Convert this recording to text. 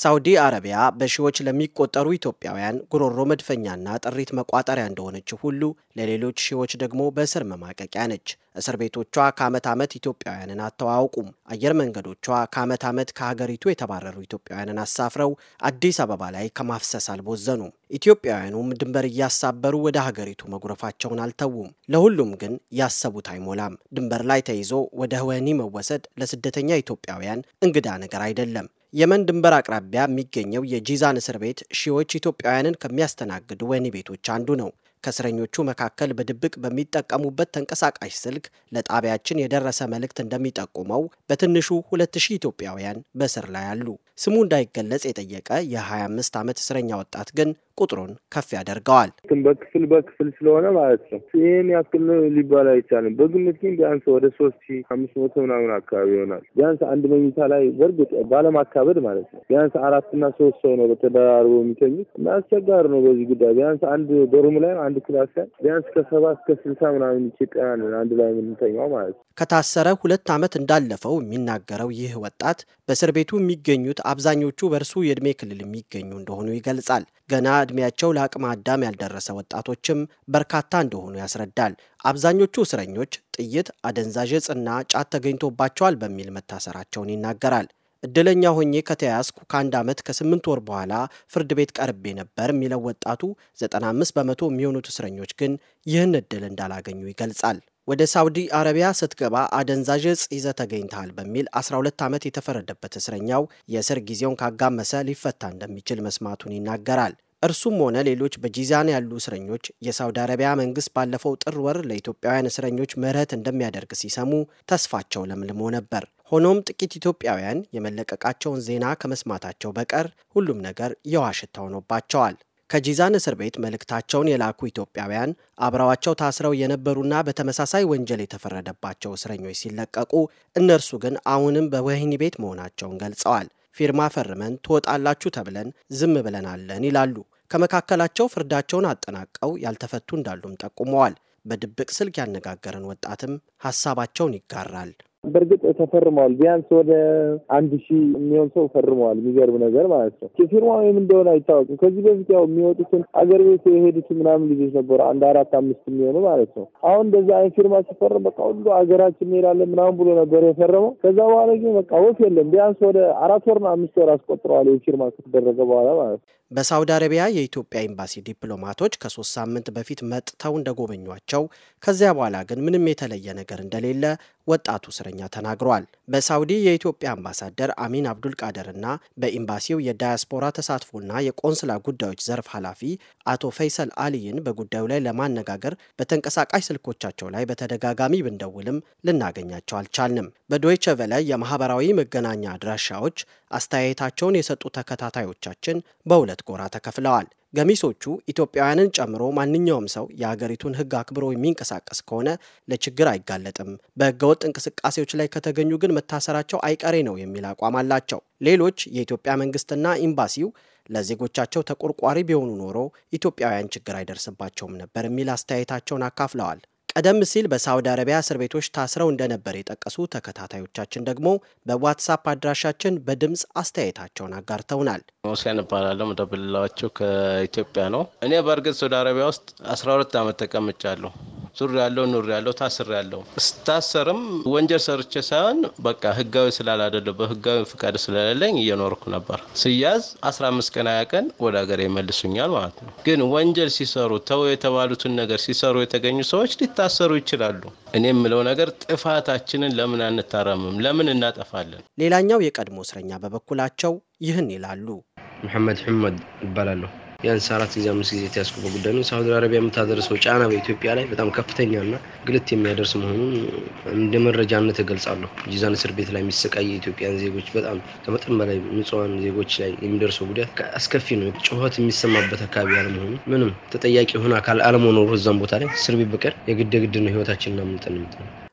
ሳውዲ አረቢያ በሺዎች ለሚቆጠሩ ኢትዮጵያውያን ጉሮሮ መድፈኛና ጥሪት መቋጠሪያ እንደሆነች ሁሉ ለሌሎች ሺዎች ደግሞ በእስር መማቀቂያ ነች። እስር ቤቶቿ ከዓመት ዓመት ኢትዮጵያውያንን አተዋውቁም። አየር መንገዶቿ ከዓመት ዓመት ከሀገሪቱ የተባረሩ ኢትዮጵያውያንን አሳፍረው አዲስ አበባ ላይ ከማፍሰስ አልቦዘኑም። ኢትዮጵያውያኑም ድንበር እያሳበሩ ወደ ሀገሪቱ መጉረፋቸውን አልተዉም። ለሁሉም ግን ያሰቡት አይሞላም። ድንበር ላይ ተይዞ ወደ ወህኒ መወሰድ ለስደተኛ ኢትዮጵያውያን እንግዳ ነገር አይደለም። የመን ድንበር አቅራቢያ የሚገኘው የጂዛን እስር ቤት ሺዎች ኢትዮጵያውያንን ከሚያስተናግዱ ወህኒ ቤቶች አንዱ ነው። ከእስረኞቹ መካከል በድብቅ በሚጠቀሙበት ተንቀሳቃሽ ስልክ ለጣቢያችን የደረሰ መልእክት እንደሚጠቁመው በትንሹ 2000 ኢትዮጵያውያን በእስር ላይ አሉ። ስሙ እንዳይገለጽ የጠየቀ የ25 ዓመት እስረኛ ወጣት ግን ቁጥሩን ከፍ ያደርገዋል። በክፍል በክፍል ስለሆነ ማለት ነው ይህን ያክል ሊባል አይቻልም። በግምት ግን ቢያንስ ወደ ሶስት ሺ አምስት መቶ ምናምን አካባቢ ይሆናል። ቢያንስ አንድ መኝታ ላይ በእርግጥ ባለማካበድ ማለት ነው ቢያንስ አራትና ሶስት ሰው ነው በተደራርቦ የሚተኙት እና አስቸጋሪ ነው በዚህ ጉዳይ ቢያንስ አንድ በሩም ላይ አንድ ክላስ ላይ ቢያንስ ከሰባ እስከ ስልሳ ምናምን ኢትዮጵያውያን አንድ ላይ የምንተኛው ማለት ነው። ከታሰረ ሁለት ዓመት እንዳለፈው የሚናገረው ይህ ወጣት በእስር ቤቱ የሚገኙት አብዛኞቹ በእርሱ የዕድሜ ክልል የሚገኙ እንደሆኑ ይገልጻል። ገና ዕድሜያቸው ለአቅመ አዳም ያልደረሰ ወጣቶችም በርካታ እንደሆኑ ያስረዳል። አብዛኞቹ እስረኞች ጥይት፣ አደንዛዥ እጽና ጫት ተገኝቶባቸዋል በሚል መታሰራቸውን ይናገራል። እድለኛ ሆኜ ከተያያዝኩ ከአንድ ዓመት ከስምንት ወር በኋላ ፍርድ ቤት ቀርቤ ነበር የሚለው ወጣቱ 95 በመቶ የሚሆኑት እስረኞች ግን ይህን እድል እንዳላገኙ ይገልጻል። ወደ ሳውዲ አረቢያ ስትገባ አደንዛዥ እጽ ይዘህ ተገኝተሃል በሚል 12 ዓመት የተፈረደበት እስረኛው የእስር ጊዜውን ካጋመሰ ሊፈታ እንደሚችል መስማቱን ይናገራል። እርሱም ሆነ ሌሎች በጂዛን ያሉ እስረኞች የሳውዲ አረቢያ መንግስት ባለፈው ጥር ወር ለኢትዮጵያውያን እስረኞች ምህረት እንደሚያደርግ ሲሰሙ ተስፋቸው ለምልሞ ነበር። ሆኖም ጥቂት ኢትዮጵያውያን የመለቀቃቸውን ዜና ከመስማታቸው በቀር ሁሉም ነገር ሽታ ሆኖባቸዋል። ከጂዛን እስር ቤት መልእክታቸውን የላኩ ኢትዮጵያውያን አብረዋቸው ታስረው የነበሩና በተመሳሳይ ወንጀል የተፈረደባቸው እስረኞች ሲለቀቁ እነርሱ ግን አሁንም በወህኒ ቤት መሆናቸውን ገልጸዋል። ፊርማ ፈርመን ትወጣላችሁ ተብለን ዝም ብለናለን ይላሉ። ከመካከላቸው ፍርዳቸውን አጠናቀው ያልተፈቱ እንዳሉም ጠቁመዋል። በድብቅ ስልክ ያነጋገረን ወጣትም ሀሳባቸውን ይጋራል። በእርግጥ ተፈርመዋል። ቢያንስ ወደ አንድ ሺህ የሚሆን ሰው ፈርመዋል። የሚገርም ነገር ማለት ነው። ፊርማ ወይም እንደሆነ አይታወቅም። ከዚህ በፊት ያው የሚወጡትን አገር ቤት የሄዱት ምናምን ልጆች ነበሩ፣ አንድ አራት አምስት የሚሆኑ ማለት ነው። አሁን እንደዛ አይነት ፊርማ ሲፈርም በቃ ሁሉ ሀገራችን እንሄዳለን ምናምን ብሎ ነበር የፈረመው። ከዛ በኋላ ግን በቃ ወፍ የለም። ቢያንስ ወደ አራት ወርና አምስት ወር አስቆጥረዋል የፊርማ ከተደረገ በኋላ ማለት ነው። በሳውዲ አረቢያ የኢትዮጵያ ኤምባሲ ዲፕሎማቶች ከሶስት ሳምንት በፊት መጥተው እንደጎበኟቸው ከዚያ በኋላ ግን ምንም የተለየ ነገር እንደሌለ ወጣቱ እስረኛ ተናግሯል። በሳውዲ የኢትዮጵያ አምባሳደር አሚን አብዱል ቃደርና በኤምባሲው የዳያስፖራ ተሳትፎና የቆንስላ ጉዳዮች ዘርፍ ኃላፊ አቶ ፈይሰል አሊይን በጉዳዩ ላይ ለማነጋገር በተንቀሳቃሽ ስልኮቻቸው ላይ በተደጋጋሚ ብንደውልም ልናገኛቸው አልቻልንም። በዶይቸ ቬለ የማህበራዊ መገናኛ አድራሻዎች አስተያየታቸውን የሰጡ ተከታታዮቻችን በሁለት ጎራ ተከፍለዋል። ገሚሶቹ ኢትዮጵያውያንን ጨምሮ ማንኛውም ሰው የአገሪቱን ሕግ አክብሮ የሚንቀሳቀስ ከሆነ ለችግር አይጋለጥም፣ በህገወጥ እንቅስቃሴዎች ላይ ከተገኙ ግን መታሰራቸው አይቀሬ ነው የሚል አቋም አላቸው። ሌሎች የኢትዮጵያ መንግስትና ኤምባሲው ለዜጎቻቸው ተቆርቋሪ ቢሆኑ ኖሮ ኢትዮጵያውያን ችግር አይደርስባቸውም ነበር የሚል አስተያየታቸውን አካፍለዋል። ቀደም ሲል በሳውዲ አረቢያ እስር ቤቶች ታስረው እንደነበር የጠቀሱ ተከታታዮቻችን ደግሞ በዋትሳፕ አድራሻችን በድምፅ አስተያየታቸውን አጋርተውናል። ሙስሊም እባላለሁ። መደብላቸው ከኢትዮጵያ ነው። እኔ በእርግጥ ሳውዲ አረቢያ ውስጥ 12 ዓመት ተቀምጫለሁ። ዙር ያለው ኑር ያለው ታስር ያለው ስታሰርም ወንጀል ሰርቼ ሳይሆን በቃ ህጋዊ ስላላደለ በህጋዊ ፍቃድ ስለሌለኝ እየኖርኩ ነበር። ስያዝ 15 ቀን ሀያ ቀን ወደ ሀገር ይመልሱኛል ማለት ነው። ግን ወንጀል ሲሰሩ ተው የተባሉትን ነገር ሲሰሩ የተገኙ ሰዎች ሊታሰሩ ይችላሉ። እኔ የምለው ነገር ጥፋታችንን ለምን አንታረምም? ለምን እናጠፋለን? ሌላኛው የቀድሞ እስረኛ በበኩላቸው ይህን ይላሉ። መሐመድ ሕመድ እባላለሁ ቢያንስ አራት ጊዜ አምስት ጊዜ የተያዝኩበት ጉዳይ ነው። ሳውዲ አረቢያ የምታደርሰው ጫና በኢትዮጵያ ላይ በጣም ከፍተኛና ግልት የሚያደርስ መሆኑን እንደ መረጃነት እገልጻለሁ። ጂዛን እስር ቤት ላይ የሚሰቃይ የኢትዮጵያን ዜጎች በጣም ከመጠን በላይ ንጹሐን ዜጎች ላይ የሚደርሰው ጉዳት አስከፊ ነው። ጩኸት የሚሰማበት አካባቢ አለመሆኑ፣ ምንም ተጠያቂ የሆነ አካል አለመኖሩ እዛም ቦታ ላይ እስር ቤት በቀር የግድ የግድ ነው ህይወታችንን ነው